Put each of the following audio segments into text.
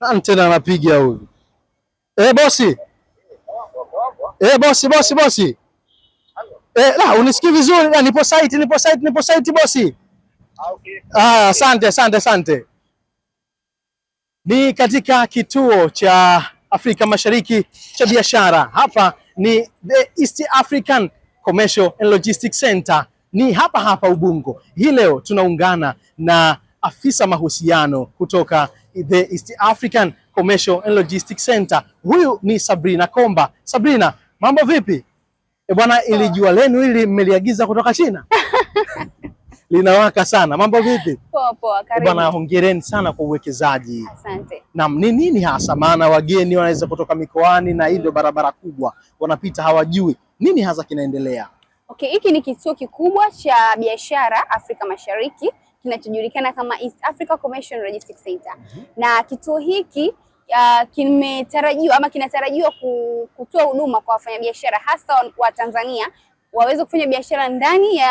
Nani ah, tena anapiga huyu? Eh, bosi. Eh, bosi bosi bosi. Eh, la unisikii vizuri? Na nipo site, nipo site, nipo site bosi. Ah, okay. Ah, asante, asante, asante. Ni katika kituo cha Afrika Mashariki cha biashara. Hapa ni the East African Commercial and Logistics Center. Ni hapa hapa Ubungo. Hii leo tunaungana na afisa mahusiano kutoka the East African Commercial and Logistics Center. Huyu ni Sabrina Komba. Sabrina, mambo vipi? E bwana, ili jua lenu hili mmeliagiza kutoka China linawaka sana. Mambo vipi? Poa poa, karibu. Bwana, hongereni sana kwa uwekezaji. Asante. Naam, ni nini hasa maana wageni wanaweza kutoka mikoani na hii ndio barabara kubwa wanapita hawajui nini hasa kinaendelea? Okay, hiki ni kituo kikubwa cha biashara Afrika Mashariki kinachojulikana kama East Africa Commercial Logistics Center mm -hmm. na kituo hiki Uh, kimetarajiwa ama kinatarajiwa kutoa huduma kwa wafanyabiashara hasa wa Tanzania waweze kufanya biashara ndani ya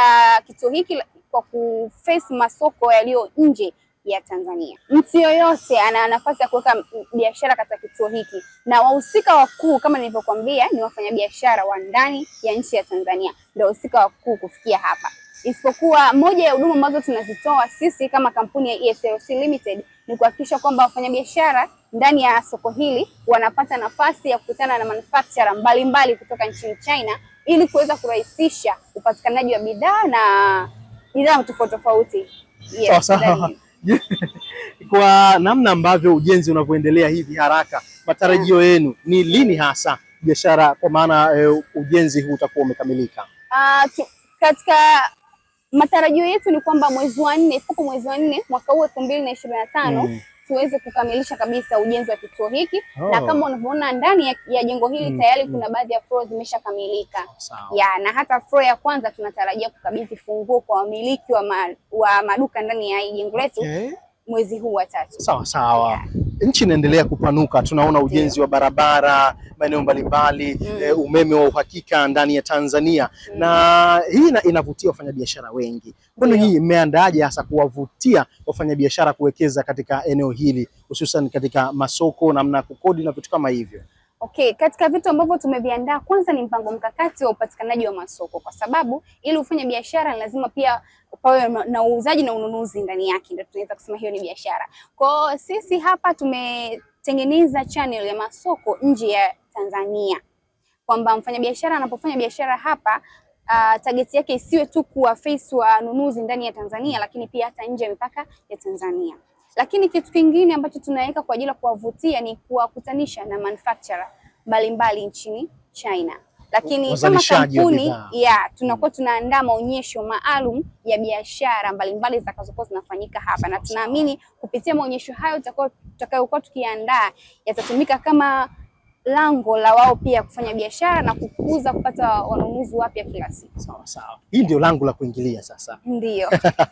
kituo hiki kwa kuface masoko yaliyo nje ya Tanzania. Mtu yoyote ana nafasi ya kuweka biashara katika kituo hiki, na wahusika wakuu kama nilivyokuambia ni wafanyabiashara wa ndani ya nchi ya Tanzania, ndio wahusika wakuu kufikia hapa isipokuwa moja ya huduma ambazo tunazitoa sisi kama kampuni ya ESLC Limited ni kuhakikisha kwamba wafanyabiashara ndani ya soko hili wanapata nafasi ya kukutana na manufacturer mbalimbali kutoka nchini China ili kuweza kurahisisha upatikanaji wa bidhaa na bidhaa tofauti tofauti. Yes, Kwa namna ambavyo ujenzi unavyoendelea hivi haraka, matarajio mm. yenu ni lini hasa biashara kwa maana e, ujenzi huu utakuwa umekamilika? Uh, katika matarajio yetu ni kwamba mwezi wa nne ifikapo mwezi wa nne mwaka huu elfu mbili na ishirini na tano mm. tuweze kukamilisha kabisa ujenzi wa kituo hiki oh. na kama unavyoona ndani ya, ya jengo hili mm. tayari mm. kuna baadhi ya floor zimeshakamilika ya na hata floor ya kwanza tunatarajia kukabidhi funguo kwa wamiliki wa, ma, wa maduka ndani ya jengo letu okay. mwezi huu wa tatu. Sawa sawa nchi inaendelea kupanuka, tunaona ujenzi wa barabara maeneo mbalimbali mm. E, umeme wa uhakika ndani ya Tanzania mm. na hii inavutia wafanyabiashara wengi. yeah. hii imeandaaje hasa kuwavutia wafanyabiashara kuwekeza katika eneo hili hususan katika masoko, namna ya kukodi na vitu kama hivyo? Okay, katika vitu ambavyo tumeviandaa kwanza ni mpango mkakati wa upatikanaji wa masoko, kwa sababu ili ufanye biashara lazima pia pawe na uuzaji na ununuzi ndani yake, ndio tunaweza kusema hiyo ni biashara. Kwa sisi hapa tumetengeneza channel ya masoko nje ya Tanzania, kwamba mfanyabiashara anapofanya biashara hapa Uh, target yake isiwe tu kuwa face wanunuzi ndani ya Tanzania lakini pia hata nje ya mipaka ya Tanzania. Lakini kitu kingine ambacho tunaweka kwa ajili ya kuwavutia ni kuwakutanisha na manufacturer mbalimbali nchini China. Lakini kama kampuni ya tunakuwa tunaandaa maonyesho maalum ya biashara mbalimbali zitakazokuwa zinafanyika hapa, na tunaamini kupitia maonyesho hayo tutakayokuwa tukiandaa yatatumika kama lango la wao pia kufanya biashara na kukuza kupata wanunuzi wapya kila siku. Sawa sawa, hii ndio lango la kuingilia sasa. Ndio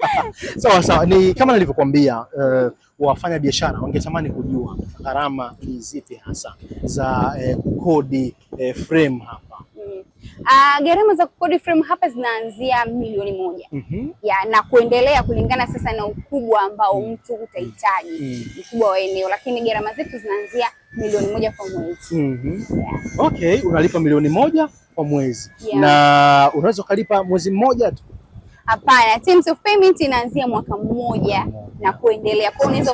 sawa sawa, ni kama nilivyokuambia, uh, wafanya biashara wangetamani kujua gharama ni zipi hasa za uh, kukodi uh, frame hapa. Uh, gharama za kukodi frame hapa zinaanzia milioni moja mm -hmm. ya na kuendelea kulingana sasa na ukubwa ambao mm. mtu utahitaji, mm -hmm. ukubwa wa eneo, lakini gharama zetu zinaanzia milioni moja kwa mwezi. mm -hmm. yeah. Okay, unalipa milioni moja kwa mwezi yeah. Na unaweza ukalipa mwezi mmoja tu? Hapana, terms of payment inaanzia mwaka mmoja na kuendelea, kwa unaweza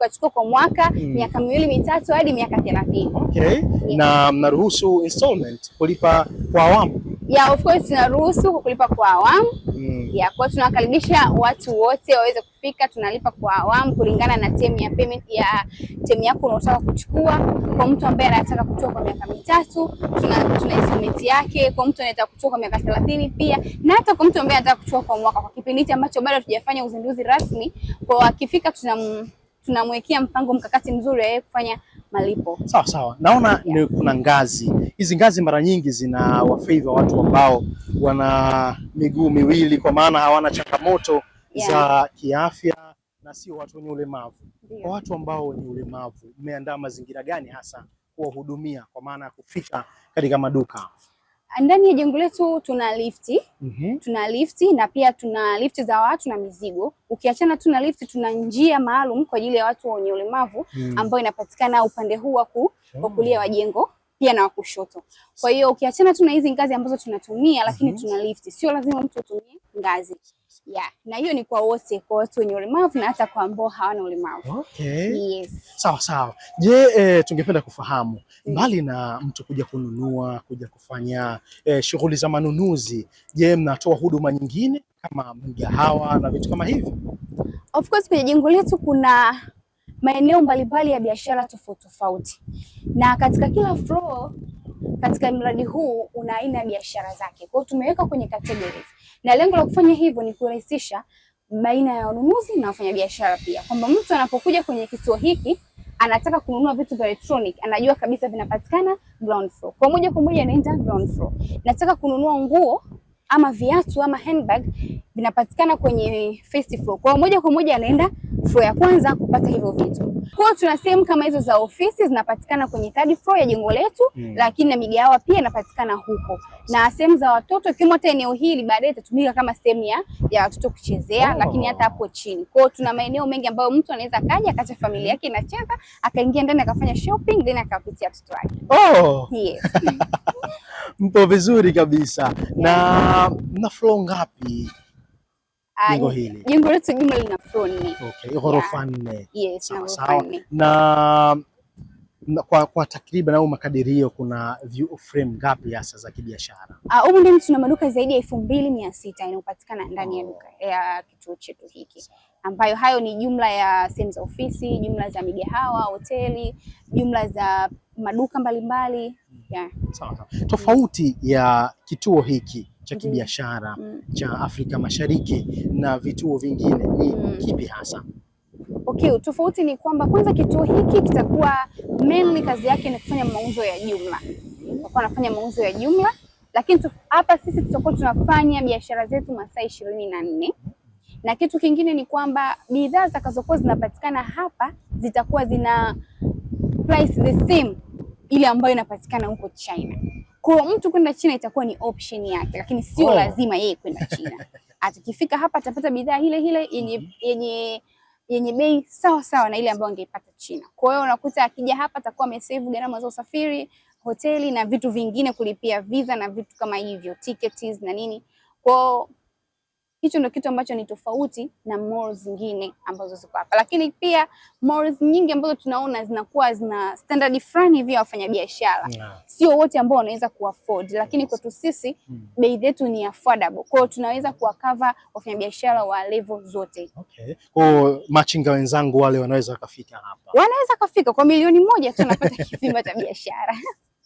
tukachukua kwa mwaka mm. miaka miwili mitatu hadi miaka thelathini. Okay. Yeah. Na mnaruhusu installment kulipa kwa awamu? Yeah, of course tunaruhusu kulipa kwa awamu mm. Yeah, kwa tunawakaribisha watu wote waweze kufika, tunalipa kwa awamu kulingana na term ya payment ya term yako unaotaka kuchukua. Kwa mtu ambaye anataka kuchukua kwa miaka mitatu tuna, tuna installment yake. Kwa mtu anataka kuchukua kwa miaka 30 pia, na hata kwa mtu ambaye anataka kuchukua kwa mwaka, kwa kipindi ambacho bado hatujafanya uzinduzi rasmi, kwa akifika tunam tunamwekea mpango mkakati mzuri yeye kufanya malipo. Sawa sawa, naona yeah. kuna ngazi hizi, ngazi mara nyingi zina wafavor watu ambao wana miguu miwili, kwa maana hawana changamoto yeah, za kiafya na sio watu wenye ulemavu. Kwa watu ambao wenye ulemavu, mmeandaa mazingira gani hasa kuwahudumia, kwa maana ya kufika katika maduka? ndani ya jengo letu tuna lifti mm -hmm. tuna lifti na pia tuna lifti za watu na mizigo. Ukiachana tu na lifti, tuna njia maalum kwa ajili ya watu wenye ulemavu mm. ambayo inapatikana upande huu wa kulia wa jengo pia na kushoto. Kwa hiyo ukiachana tu na hizi ngazi ambazo tunatumia lakini mm -hmm. tuna lift. Sio lazima mtu atumie ngazi. Yeah. Na hiyo ni kwa wote, kwa watu wenye ulemavu na hata kwa ambao hawana ulemavu. Okay. Yes. Sawa sawa. Je, e, tungependa kufahamu mm. mbali mm. na mtu kuja kununua, kuja kufanya e, shughuli za manunuzi, je, mnatoa huduma nyingine kama mgahawa na vitu kama hivyo? Of course kwenye jengo letu kuna maeneo mbalimbali ya biashara tofauti tofauti, na katika kila floor katika mradi huu una aina ya biashara zake. Kwa hiyo tumeweka kwenye categories, na lengo la kufanya hivyo ni kurahisisha baina ya wanunuzi na wafanyabiashara pia, kwamba mtu anapokuja kwenye kituo hiki anataka kununua vitu vya electronic, anajua kabisa vinapatikana ground floor, kwa moja kwa moja anaenda ground floor. Nataka kununua nguo ama viatu ama handbag, vinapatikana kwenye first floor, kwa moja kwa moja anaenda floor ya kwanza kupata hivyo vitu. Kwa hiyo tuna sehemu kama hizo za ofisi zinapatikana kwenye third floor ya jengo letu mm. Lakini na migahawa pia inapatikana huko na sehemu za watoto, ikiwemo hata eneo hili baadaye itatumika kama sehemu ya, ya watoto kuchezea oh. Lakini hata hapo chini, kwa hiyo tuna maeneo mengi ambayo mtu anaweza kaja akacha familia yake inacheza akaingia ndani akafanya shopping then akapitia watoto wake. Oh. Yes. Mpo vizuri kabisa yeah. Na mna floor ngapi? jengo hili. Jengo letu jumla lina floor nne. Okay, ghorofa nne. Yes, na kwa, kwa takriban au makadirio kuna view frame ngapi hasa za kibiashara? Ah, uh, ndani tuna maduka zaidi ya elfu mbili mia sita inayopatikana ndani ya oh. duka ya kituo chetu hiki, ambayo hayo ni jumla ya sehemu za ofisi, jumla za migahawa, hoteli, jumla za maduka mbalimbali mbali. Hmm. Yeah. Sawa sawa. Tofauti ya kituo hiki cha mhm. kibiashara mm. cha Afrika Mashariki na vituo vingine ni mm. kipi hasa? Okay, tofauti ni kwamba kwanza kituo hiki kitakuwa mainly kazi yake ni kufanya mauzo ya jumla, kwa anafanya mauzo ya jumla, lakini hapa sisi tutakuwa tunafanya biashara zetu masaa ishirini na nne na kitu kingine ni kwamba bidhaa zitakazokuwa zinapatikana hapa zitakuwa zina price the same ile ambayo inapatikana huko China. Kwa mtu kwenda China itakuwa ni option yake, lakini sio oh, lazima yeye kwenda China. Atakifika hapa atapata bidhaa hile hile yenye mhm. yenye yenye bei sawa sawa na ile ambayo angeipata China. Kwa hiyo unakuta akija hapa atakuwa amesave gharama za usafiri, hoteli na vitu vingine, kulipia visa na vitu kama hivyo, tickets na nini. Kwa Hicho ndio kitu ambacho ni tofauti na malls zingine ambazo ziko hapa, lakini pia malls nyingi ambazo tunaona zinakuwa zina standard fulani hivi ya wafanyabiashara yeah. Sio wote ambao wanaweza kuafford, lakini kwetu sisi mm. bei zetu ni affordable, kwa hiyo tunaweza kuwakava wafanyabiashara wa level zote. Okay. Kwa machinga wenzangu wale wanaweza wakafika hapa, wanaweza kafika kwa milioni moja tu napata kizimba cha biashara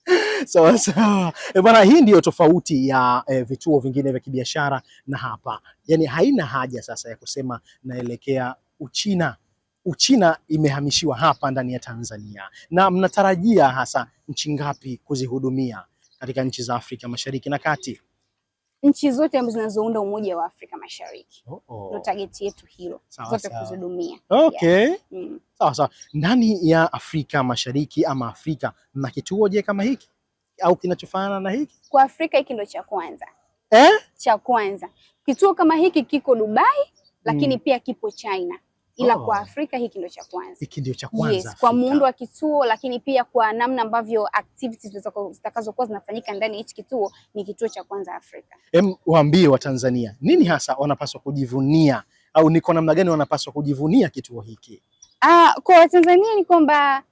Sawa sawa. E bwana, hii ndiyo tofauti ya e, vituo vingine vya kibiashara na hapa, yaani haina haja sasa ya kusema naelekea Uchina. Uchina imehamishiwa hapa ndani ya Tanzania. Na mnatarajia hasa nchi ngapi kuzihudumia katika nchi za Afrika Mashariki na Kati? nchi zote ambazo zinazounda Umoja wa Afrika Mashariki. Oh, oh. Ndio target yetu hilo, zote kuzidumia. Okay. Yeah. Mm. Sawa sawa. Ndani ya Afrika Mashariki ama Afrika na kituo je kama hiki au kinachofanana na hiki? Kwa Afrika hiki ndio cha kwanza eh? Cha kwanza kituo kama hiki kiko Dubai, lakini mm. pia kipo China ila oh, kwa Afrika hiki ndio cha kwanza. Hiki ndio cha kwanza. Yes, kwa muundo wa kituo lakini pia kwa namna ambavyo activities zitakazokuwa zinafanyika ndani ya hichi kituo ni kituo cha kwanza Afrika. Em, waambie Watanzania nini hasa wanapaswa kujivunia au ni kwa namna gani wanapaswa kujivunia kituo hiki? Ah, kwa Watanzania ni kwamba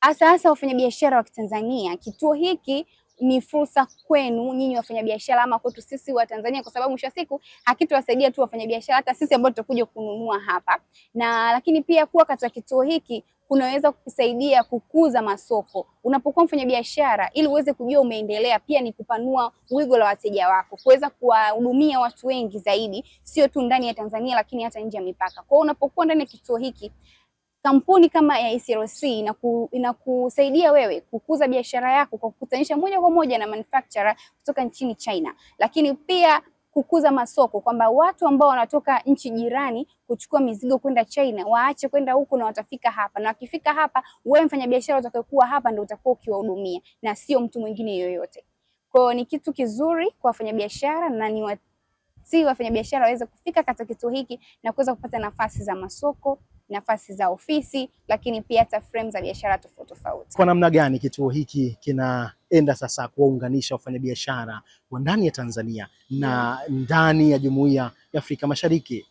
hasa hasa wafanyabiashara wa Kitanzania, kituo hiki ni fursa kwenu nyinyi wafanyabiashara ama kwetu sisi wa Tanzania, kwa sababu mwisho wa siku hakituwasaidia tu wafanyabiashara, hata sisi ambao tutakuja kununua hapa na lakini pia kuwa katika kituo hiki kunaweza kukusaidia kukuza masoko. Unapokuwa mfanyabiashara, ili uweze kujua umeendelea, pia ni kupanua wigo la wateja wako, kuweza kuwahudumia watu wengi zaidi, sio tu ndani ya Tanzania, lakini hata nje ya mipaka. Kwa hiyo unapokuwa ndani ya kituo hiki kampuni kama ya ECLC inaku, inakusaidia wewe kukuza biashara yako kwa kukutanisha moja kwa moja na manufacturer kutoka nchini China, lakini pia kukuza masoko kwamba watu ambao wanatoka nchi jirani kuchukua mizigo kwenda China waache kwenda huku na watafika hapa, na wakifika hapa, wewe mfanyabiashara utakayokuwa hapa ndio utakuwa ukiwahudumia na sio mtu mwingine yoyote. Kwa ni kitu kizuri kwa wafanyabiashara na ni wasi wafanyabiashara waweze kufika katika kituo hiki na kuweza kupata nafasi za masoko nafasi za ofisi, lakini pia hata fremu za biashara tofauti tofauti. Kwa namna gani kituo hiki kinaenda sasa kuwaunganisha wafanyabiashara wa ndani ya Tanzania na ndani ya Jumuiya ya Afrika Mashariki?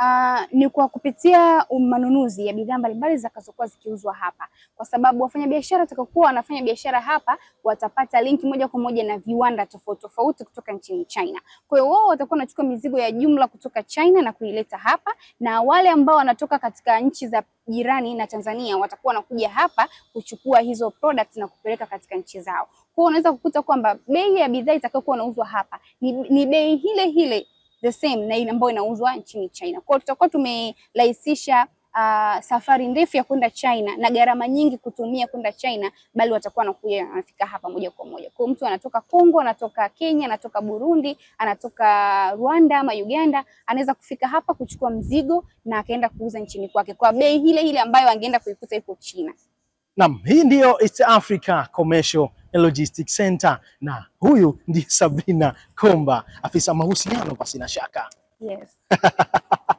Uh, ni kwa kupitia um, manunuzi ya bidhaa mbalimbali zitakazokuwa zikiuzwa hapa, kwa sababu wafanyabiashara watakaokuwa wanafanya biashara hapa watapata linki moja kwa moja na viwanda tofauti tofauti kutoka nchini China. Kwa hiyo wao watakuwa wanachukua mizigo ya jumla kutoka China na kuileta hapa, na wale ambao wanatoka katika nchi za jirani na Tanzania watakuwa wanakuja hapa kuchukua hizo products na kupeleka katika nchi zao. Kwa hiyo unaweza kukuta kwamba bei ya bidhaa itakayokuwa inauzwa hapa ni, ni bei ile ile the same na ile ambayo inauzwa nchini China. Kwa hiyo tutakuwa tumerahisisha uh, safari ndefu ya kwenda China na gharama nyingi kutumia kwenda China, bali watakuwa wanakuja wanafika hapa moja kwa moja. Kwa mtu anatoka Kongo, anatoka Kenya, anatoka Burundi, anatoka Rwanda ama Uganda, anaweza kufika hapa kuchukua mzigo na akaenda kuuza nchini kwake kwa bei ile ile ambayo angeenda kuikuta iko China. Naam, hii ndiyo East Africa Commercial Logistics Center, na huyu ndiye Sabrina Komba, afisa mahusiano, na shaka yes.